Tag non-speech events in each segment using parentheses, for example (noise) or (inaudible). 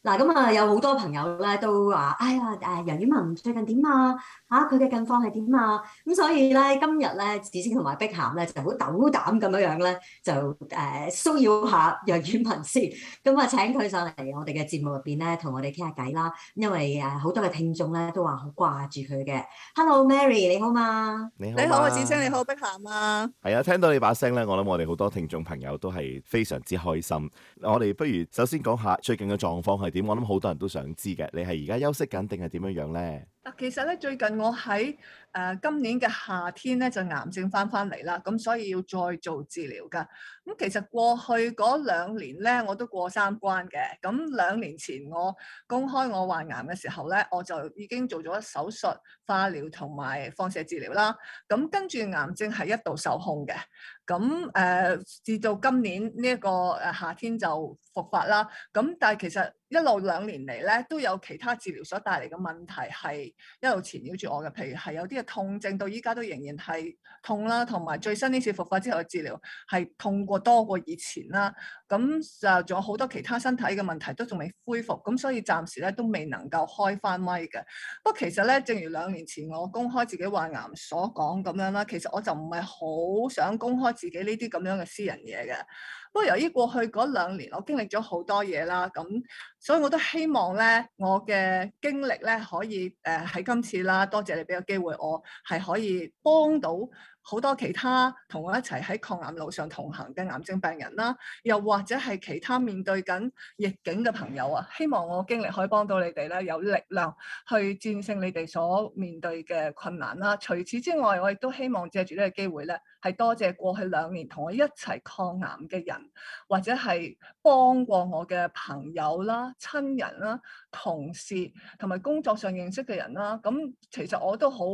嗱咁啊，有好多朋友咧都話，哎呀，誒楊婉文最近點啊？吓，佢嘅近況係點啊？咁、啊、所以咧，今日咧，子清同埋碧咸咧就好鬥膽咁樣樣咧，就誒騷擾下楊婉文先。咁啊、呃呃呃，請佢上嚟我哋嘅節目入邊咧，同我哋傾下偈啦。因為誒好、呃、多嘅聽眾咧都話好掛住佢嘅。Hello，Mary，你好嘛？你好，你好啊，子清你好，碧咸啊。係啊，聽到你把聲咧，我諗我哋好多聽眾朋友都係非常之開心。我哋不如首先講下最近嘅狀況係。點，我諗好多人都想知嘅，你係而家休息緊定係點樣樣呢？嗱，其實咧最近我喺。誒、呃、今年嘅夏天咧就癌症返返嚟啦，咁所以要再做治療㗎。咁其實過去嗰兩年咧我都過三關嘅。咁兩年前我公開我患癌嘅時候咧，我就已經做咗手術、化療同埋放射治療啦。咁跟住癌症係一度受控嘅。咁誒至到今年呢一個誒夏天就復發啦。咁但係其實一路兩年嚟咧都有其他治療所帶嚟嘅問題係一路纏繞住我嘅，譬如係有啲人。痛症到依家都仍然係痛啦，同埋最新呢次復發之後嘅治療係痛過多過以前啦。咁就仲有好多其他身體嘅問題都仲未恢復，咁所以暫時咧都未能夠開翻咪嘅。不過其實咧，正如兩年前我公開自己患癌所講咁樣啦，其實我就唔係好想公開自己呢啲咁樣嘅私人嘢嘅。不過由於過去嗰兩年我經歷咗好多嘢啦，咁所以我都希望咧，我嘅經歷咧可以誒喺今次啦，多謝你俾個機會，我係可以幫到好多其他同我一齊喺抗癌路上同行嘅癌症病人啦，又或者係其他面對緊逆境嘅朋友啊，希望我經歷可以幫到你哋咧，有力量去戰勝你哋所面對嘅困難啦。除此之外，我亦都希望借住呢個機會咧，係多謝過去兩年同我一齊抗癌嘅人，或者係幫過我嘅朋友啦、親人啦、同事同埋工作上認識嘅人啦。咁其實我都好。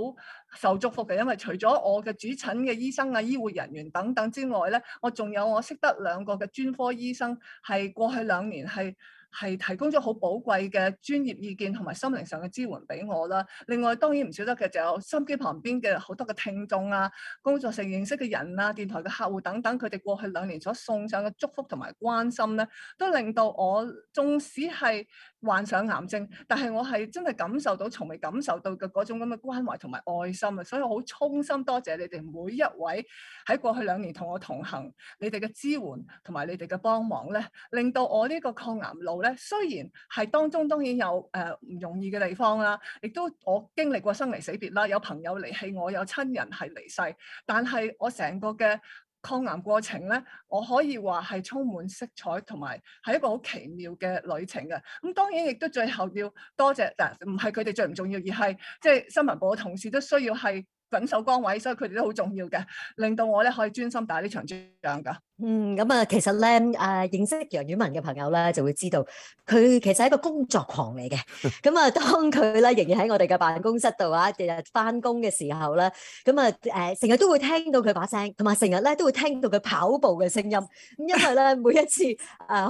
受祝福嘅，因為除咗我嘅主診嘅醫生啊、醫護人員等等之外咧，我仲有我識得兩個嘅專科醫生，係過去兩年係係提供咗好寶貴嘅專業意見同埋心靈上嘅支援俾我啦。另外當然唔少得嘅就有心機旁邊嘅好多嘅聽眾啊、工作上認識嘅人啊、電台嘅客戶等等，佢哋過去兩年所送上嘅祝福同埋關心咧，都令到我縱使係。患上癌症，但係我係真係感受到從未感受到嘅嗰種咁嘅關懷同埋愛心啊！所以我好衷心多謝你哋每一位喺過去兩年同我同行，你哋嘅支援同埋你哋嘅幫忙咧，令到我呢個抗癌路咧，雖然係當中當然有誒唔容易嘅地方啦，亦都我經歷過生離死別啦，有朋友離棄我，有親人係離世，但係我成個嘅。抗癌過程咧，我可以話係充滿色彩同埋係一個好奇妙嘅旅程嘅。咁當然亦都最後要多謝，唔係佢哋最唔重要，而係即係新聞部嘅同事都需要係緊守崗位，所以佢哋都好重要嘅，令到我咧可以專心打呢場仗㗎。嗯，咁啊，其實咧，誒，認識楊婉文嘅朋友咧，就會知道佢其實係一個工作狂嚟嘅。咁啊，當佢咧仍然喺我哋嘅辦公室度啊，日日翻工嘅時候咧，咁啊，誒，成日都會聽到佢把聲，同埋成日咧都會聽到佢跑步嘅聲音。咁因為咧，每一次誒，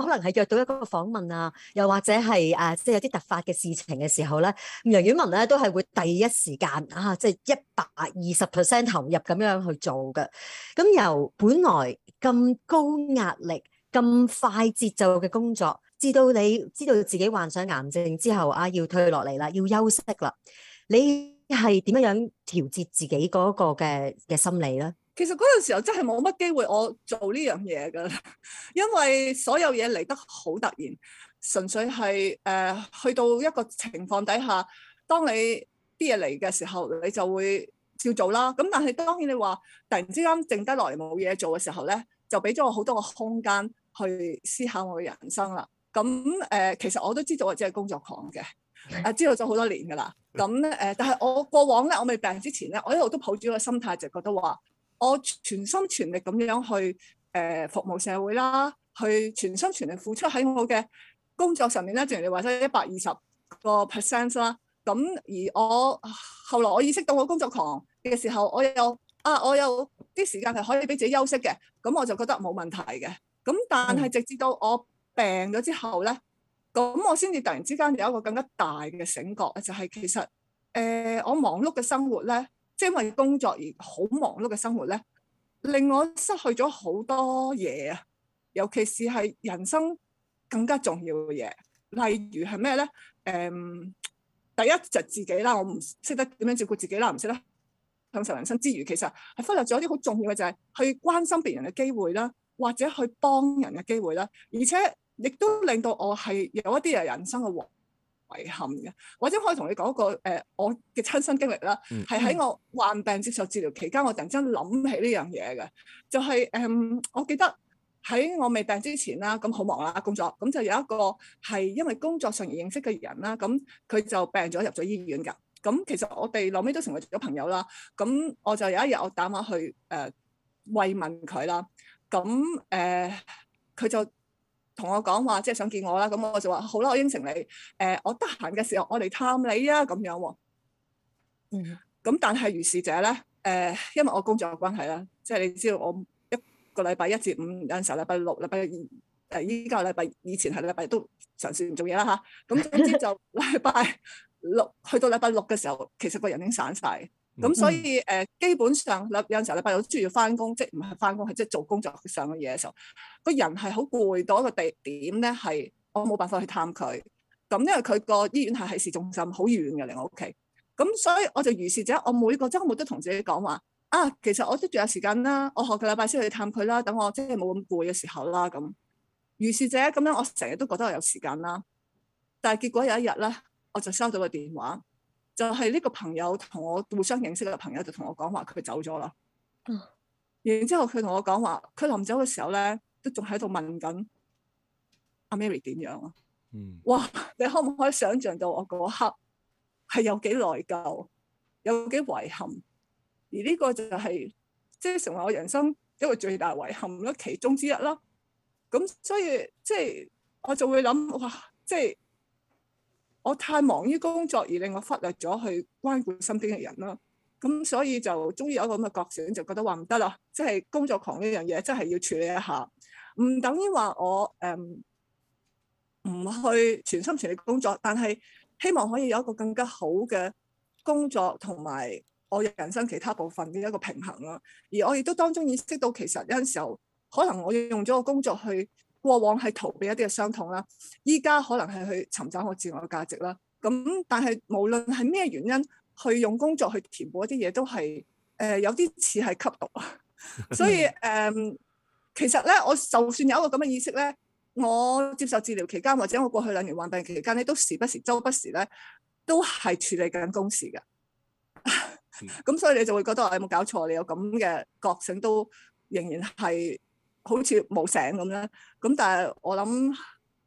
可能係約到一個訪問啊，又或者係誒，即係有啲突發嘅事情嘅時候咧，楊婉文咧都係會第一時間啊，即係一百二十 percent 投入咁樣去做嘅。咁由本來咁。高壓力咁快節奏嘅工作，至到你知道自己患上癌症之後，啊要退落嚟啦，要休息啦，你係點樣調節自己嗰個嘅嘅心理咧？其實嗰陣時候真係冇乜機會我做呢樣嘢噶啦，因為所有嘢嚟得好突然，純粹係誒、呃、去到一個情況底下，當你啲嘢嚟嘅時候，你就會照做啦。咁但係當然你話突然之間剩得落嚟冇嘢做嘅時候咧。就俾咗我好多個空間去思考我嘅人生啦。咁誒、呃，其實我都知道我即係工作狂嘅、啊，知道咗好多年噶啦。咁誒、呃，但係我過往咧，我未病之前咧，我一路都抱住一個心態，就覺得話我全心全力咁樣去誒、呃、服務社會啦，去全心全力付出喺我嘅工作上面咧，正如你話咗一百二十個 percent 啦。咁而我後來我意識到我工作狂嘅時候，我有。啊！我有啲時間係可以俾自己休息嘅，咁我就覺得冇問題嘅。咁但係直至到我病咗之後咧，咁我先至突然之間有一個更加大嘅醒覺，就係、是、其實誒、呃、我忙碌嘅生活咧，即係因為工作而好忙碌嘅生活咧，令我失去咗好多嘢啊！尤其是係人生更加重要嘅嘢，例如係咩咧？誒、嗯，第一就係自己啦，我唔識得點樣照顧自己啦，唔識得。享受人生之餘，其實係忽略咗一啲好重要嘅，就係去關心別人嘅機會啦，或者去幫人嘅機會啦。而且亦都令到我係有一啲嘅人生嘅遺憾嘅。或者可以同你講一個誒、呃，我嘅親身經歷啦，係、嗯、喺我患病接受治療期間，我突然間諗起呢樣嘢嘅，就係、是、誒、嗯，我記得喺我未病之前啦，咁好忙啦，工作，咁就有一個係因為工作上而認識嘅人啦，咁佢就病咗入咗醫院㗎。咁其實我哋後尾都成為咗朋友啦。咁我就有一日我打電話去誒、呃、慰問佢啦。咁誒佢就同我講話，即、就、係、是、想見我啦。咁我就話好啦，我應承你。誒、呃，我得閒嘅時候我嚟探你啊。咁樣、哦。嗯。咁但係如是者咧，誒、呃，因為我的工作嘅關係啦，即、就、係、是、你知道我一個禮拜一至五有陣時候，禮 (laughs) 拜六、禮拜二誒，依個禮拜以前係禮拜都嘗試唔做嘢啦吓。咁總之就禮拜。 (laughs) 六去到禮拜六嘅時候，其實個人已經散晒。嘅、嗯。咁所以誒、呃，基本上禮有陣時候禮拜六都鍾意翻工，即係唔係翻工，係即係做工作上嘅嘢嘅時候，個人係好攰。到一個地點咧，係我冇辦法去探佢。咁因為佢個醫院係喺市中心，好遠嘅離我屋企。咁所以我就如是者，我每個周末都同自己講話啊，其實我都仲有時間啦，我下個禮拜先去探佢啦，等我即係冇咁攰嘅時候啦咁。如是者咁樣，我成日都覺得我有時間啦。但係結果有一日咧。我就收到個電話，就係、是、呢個朋友同我互相認識嘅朋友就同我講話佢走咗啦、嗯。然之後佢同我講話佢臨走嘅時候咧，都仲喺度問緊阿 Mary 點樣啊、嗯。哇！你可唔可以想象到我嗰刻係有幾內疚，有幾遺憾？而呢個就係即係成為我人生一個最大遺憾咯，其中之一啦。咁所以即係、就是、我就會諗哇，即、就、係、是。我太忙於工作而令我忽略咗去關顧身邊嘅人啦，咁所以就終於有一個咁嘅覺醒，就覺得話唔得啦，即係工作狂呢樣嘢真係要處理一下。唔等於話我誒唔、嗯、去全心全意工作，但係希望可以有一個更加好嘅工作同埋我人生其他部分嘅一個平衡咯。而我亦都當中意識到其實有陣時候，可能我用咗個工作去。過往係逃避一啲嘅傷痛啦，依家可能係去尋找我自我嘅價值啦。咁但係無論係咩原因，去用工作去填補一啲嘢都係誒、呃、有啲似係吸毒。 (laughs) 所以誒、嗯，其實咧，我就算有一個咁嘅意識咧，我接受治療期間或者我過去兩年患病期間，你都時不時、周不時咧，都係處理緊公事嘅。咁 (laughs) 所以你就會覺得我、啊、有冇搞錯？你有咁嘅覺醒都仍然係。好似冇醒咁咧，咁但係我諗，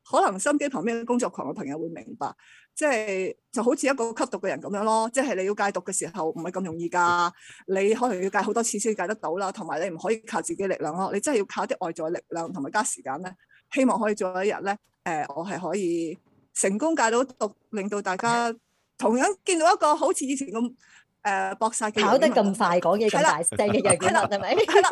可能心機旁邊工作狂嘅朋友會明白，即係就好似一個吸毒嘅人咁樣咯，即係你要戒毒嘅時候唔係咁容易噶，你可能要戒好多次先戒得到啦，同埋你唔可以靠自己力量咯，你真係要靠啲外在力量同埋加時間咧，希望可以做一日咧，誒，呃，我係可以成功戒到毒，令到大家同樣見到一個好似以前咁。誒、呃、博曬，跑得咁快，講嘢咁大聲嘅係咪？係啦，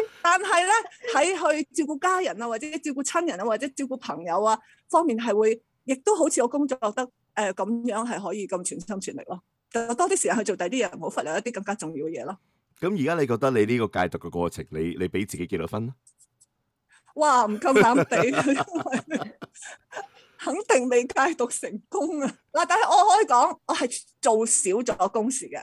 (laughs) 但係咧，喺去照顧家人啊，或者照顧親人啊，或者照顧朋友啊方面，係會，亦都好似我工作覺得誒咁樣，係可以咁全心全力咯，啊。多啲時間去做第啲嘢，唔好忽略一啲更加重要嘅嘢咯。咁而家你覺得你呢個戒毒嘅過程，你你俾自己幾多分啊？哇！唔夠膽俾， (laughs) 肯定未戒毒成功啊！嗱，但係我可以講，我係做少咗公事嘅，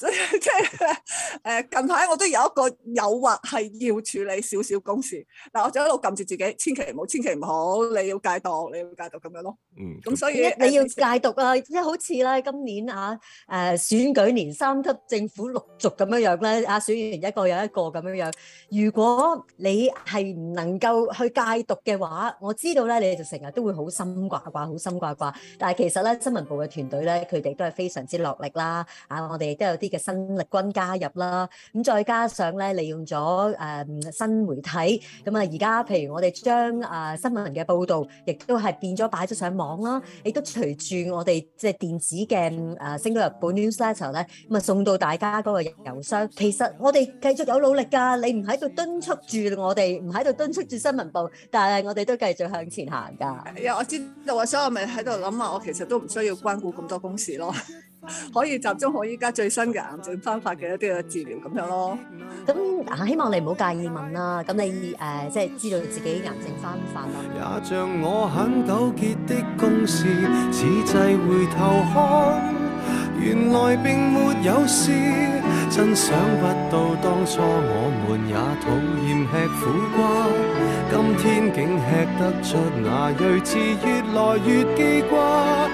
所以即係誒近排我都有一個誘惑係要處理少少公事。嗱，我就一路撳住自己，千祈唔好，千祈唔好，你要戒毒，你要戒毒咁樣咯。嗯，咁所以你要戒毒啊！即係好似咧，今年啊誒選舉年，三級政府陸續咁樣樣咧，啊選完一個有一個咁樣樣。如果你係唔能夠去戒毒嘅話，我知道咧，你哋就成日都會好心掛掛，好心掛掛。但係其實咧，新聞部嘅團隊咧，佢哋都係非常之落力啦。啊，我哋亦都有啲嘅新力軍加入啦。咁再加上咧，利用咗誒、嗯、新媒體，咁啊而家譬如我哋將啊新聞嘅報導，亦都係變咗擺咗上網啦。亦都隨住我哋即係電子嘅誒升到日本 newsletter 咧，咁啊送到大家嗰個郵箱。其實我哋繼續有努力㗎，你唔喺度敦促住我哋，唔喺度敦促住新聞部，但係我哋都繼續向前行㗎。係、嗯、啊，我知道啊，所以我咪喺度諗啊，我其實都，唔需要關顧咁多公事咯，可以集中我依家最新嘅癌症方法嘅一啲嘅治療咁樣咯。咁希望你唔好介意問啦。咁你誒即係知道自己癌症方法啊？也像我很糾結的公事，此際回頭看，原來並沒有事。真想不到當初我們也討厭吃苦瓜，今天竟吃得出那睿智，越來越記掛。